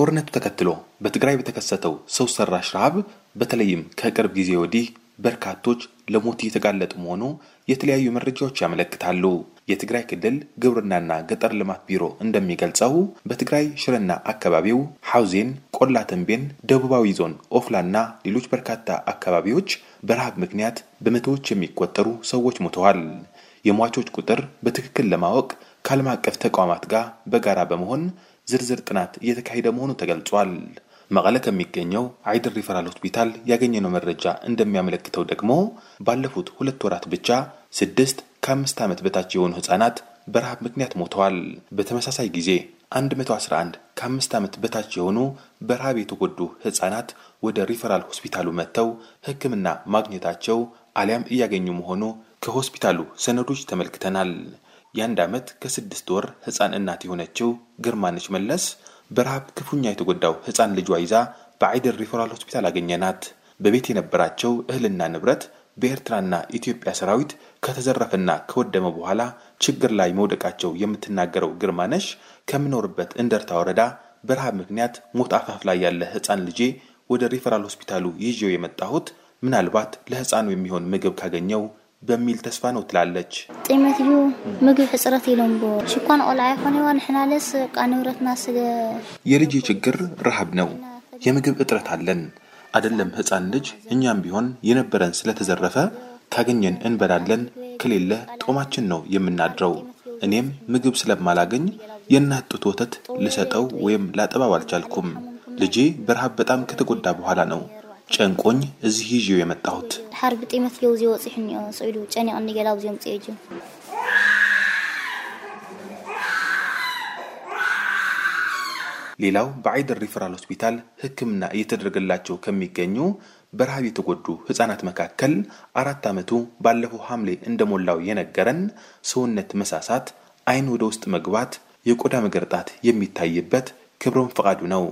ጦርነቱ ተከትሎ በትግራይ በተከሰተው ሰው ሰራሽ ረሃብ በተለይም ከቅርብ ጊዜ ወዲህ በርካቶች ለሞት እየተጋለጡ መሆኑ የተለያዩ መረጃዎች ያመለክታሉ። የትግራይ ክልል ግብርናና ገጠር ልማት ቢሮ እንደሚገልጸው በትግራይ ሽረና አካባቢው፣ ሐውዜን፣ ቆላ ተንቤን፣ ደቡባዊ ዞን ኦፍላና ሌሎች በርካታ አካባቢዎች በረሃብ ምክንያት በመቶዎች የሚቆጠሩ ሰዎች ሞተዋል። የሟቾች ቁጥር በትክክል ለማወቅ ከዓለም አቀፍ ተቋማት ጋር በጋራ በመሆን ዝርዝር ጥናት እየተካሄደ መሆኑ ተገልጿል። መቀለ ከሚገኘው አይድር ሪፈራል ሆስፒታል ያገኘነው መረጃ እንደሚያመለክተው ደግሞ ባለፉት ሁለት ወራት ብቻ ስድስት ከአምስት ዓመት በታች የሆኑ ህጻናት በረሃብ ምክንያት ሞተዋል። በተመሳሳይ ጊዜ 111 ከአምስት ዓመት በታች የሆኑ በረሃብ የተጎዱ ህጻናት ወደ ሪፈራል ሆስፒታሉ መጥተው ህክምና ማግኘታቸው አሊያም እያገኙ መሆኑ ከሆስፒታሉ ሰነዶች ተመልክተናል። የአንድ ዓመት ከስድስት ወር ህፃን እናት የሆነችው ግርማነች መለስ በረሃብ ክፉኛ የተጎዳው ህፃን ልጇ ይዛ በአይደር ሪፈራል ሆስፒታል አገኘናት። በቤት የነበራቸው እህልና ንብረት በኤርትራና ኢትዮጵያ ሰራዊት ከተዘረፈና ከወደመ በኋላ ችግር ላይ መውደቃቸው የምትናገረው ግርማነሽ ከምኖርበት እንደርታ ወረዳ በረሃብ ምክንያት ሞት አፋፍ ላይ ያለ ህፃን ልጄ ወደ ሪፈራል ሆስፒታሉ ይዤው የመጣሁት ምናልባት ለህፃኑ የሚሆን ምግብ ካገኘው በሚል ተስፋ ነው ትላለች። ጤመት ዩ ምግብ ሕፅረት ኢሎም ቦ ሽኳን ቆልዓ ይኮን ዋ ንሕናለስ ቃ ንብረትና ስገ የልጅ ችግር ረሃብ ነው። የምግብ እጥረት አለን አደለም ህፃን ልጅ እኛም ቢሆን የነበረን ስለተዘረፈ ካገኘን እንበላለን፣ ከሌለ ጦማችን ነው የምናድረው። እኔም ምግብ ስለማላገኝ የእናት ጡት ወተት ልሰጠው ወይም ላጠባው አልቻልኩም። ልጄ በረሃብ በጣም ከተጎዳ በኋላ ነው ጨንቆኝ እዚህ ይዤው የመጣሁት ሓርቢ ጢመት ለው ዝወፅሕ እኒኦ ስዕሉ ጨኒቕኒ ገላ ኣብዚኦም ፅእጁ ሌላው በአይደር ሪፈራል ሆስፒታል ሕክምና እየተደረገላቸው ከሚገኙ በረሃብ የተጎዱ ህጻናት መካከል አራት ዓመቱ ባለፈው ሐምሌ እንደሞላው የነገረን ሰውነት መሳሳት፣ አይን ወደ ውስጥ መግባት፣ የቆዳ መገርጣት የሚታይበት ክብረውን ፈቃዱ ነው።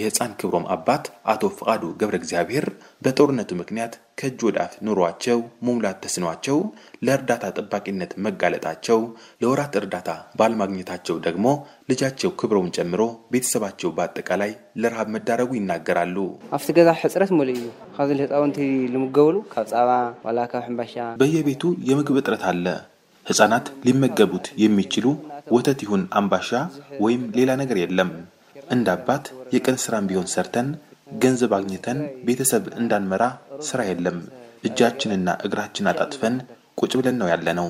የህፃን ክብሮም አባት አቶ ፍቃዱ ገብረ እግዚአብሔር በጦርነቱ ምክንያት ከእጅ ወደ አፍ ኑሯቸው መሙላት ተስኗቸው ለእርዳታ ጠባቂነት መጋለጣቸው፣ ለወራት እርዳታ ባለማግኘታቸው ደግሞ ልጃቸው ክብሮውን ጨምሮ ቤተሰባቸው በአጠቃላይ ለረሃብ መዳረጉ ይናገራሉ። ኣብቲ ገዛ ሕፅረት ሙሉ እዩ ካብዚ ህፃውንቲ ልምገብሉ ካብ ፃባ ዋላ ካብ ሕምባሻ በየቤቱ የምግብ እጥረት አለ። ህፃናት ሊመገቡት የሚችሉ ወተት ይሁን አምባሻ ወይም ሌላ ነገር የለም። እንደ አባት የቀን ስራም ቢሆን ሰርተን ገንዘብ አግኝተን ቤተሰብ እንዳንመራ ስራ የለም። እጃችንና እግራችን አጣጥፈን ቁጭ ብለን ነው ነው።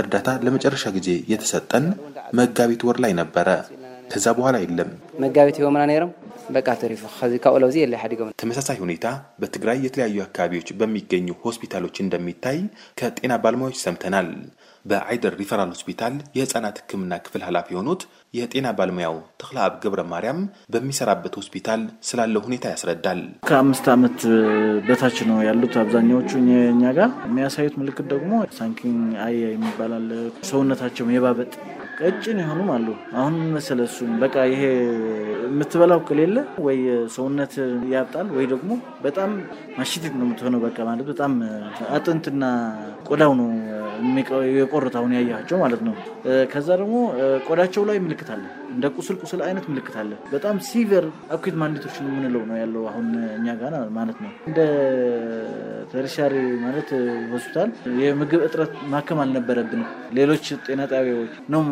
እርዳታ ለመጨረሻ ጊዜ የተሰጠን መጋቢት ወር ላይ ነበረ። ከዛ በኋላ የለም። መጋቢት ሆምና ነይሮም በቃ ተሪፉ ካብኡ ለውዚ የለ ተመሳሳይ ሁኔታ በትግራይ የተለያዩ አካባቢዎች በሚገኙ ሆስፒታሎች እንደሚታይ ከጤና ባለሙያዎች ሰምተናል። በአይደር ሪፈራል ሆስፒታል የህፃናት ህክምና ክፍል ኃላፊ የሆኑት የጤና ባለሙያው ተክለአብ ገብረ ማርያም በሚሰራበት ሆስፒታል ስላለው ሁኔታ ያስረዳል። ከአምስት ዓመት በታች ነው ያሉት አብዛኛዎቹ እኛ ጋር የሚያሳዩት ምልክት ደግሞ ሳንኪን አይ የሚባላል ሰውነታቸው የባበጥ ቀጭን የሆኑም አሉ። አሁን መሰለ እሱም በቃ ይሄ የምትበላው ከሌለ ወይ ሰውነት ያብጣል ወይ ደግሞ በጣም ማሽቴት ነው የምትሆነው። በቃ ማለት በጣም አጥንትና ቆዳው ነው የቆርታውን ያያቸው ማለት ነው። ከዛ ደግሞ ቆዳቸው ላይ ምልክት አለን እንደ ቁስል ቁስል አይነት ምልክት አለ። በጣም ሲቨር አኩት ማንዴቶች የምንለው ነው ያለው አሁን እኛ ጋር ማለት ነው። እንደ ተርሻሪ ማለት ሆስፒታል የምግብ እጥረት ማከም አልነበረብንም። ሌሎች ጤና ጣቢያዎች ነው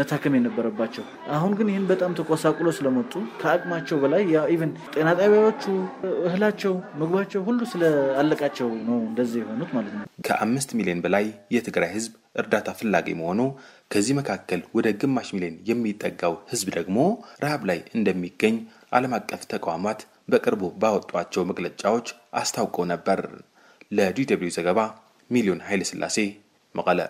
መታከም የነበረባቸው። አሁን ግን ይህን በጣም ተቆሳቁሎ ስለመጡ ከአቅማቸው በላይ ኢቨን ጤና ጣቢያዎቹ እህላቸው፣ ምግባቸው ሁሉ ስለአለቃቸው ነው እንደዚህ የሆኑት ማለት ነው። ከአምስት ሚሊዮን በላይ የትግራይ ህዝብ እርዳታ ፍላጊ መሆኑ፣ ከዚህ መካከል ወደ ግማሽ ሚሊዮን የሚጠጋው ህዝብ ደግሞ ረሃብ ላይ እንደሚገኝ ዓለም አቀፍ ተቋማት በቅርቡ ባወጧቸው መግለጫዎች አስታውቀው ነበር። ለዲ ደብልዩ ዘገባ ሚሊዮን ኃይለሥላሴ መቀለ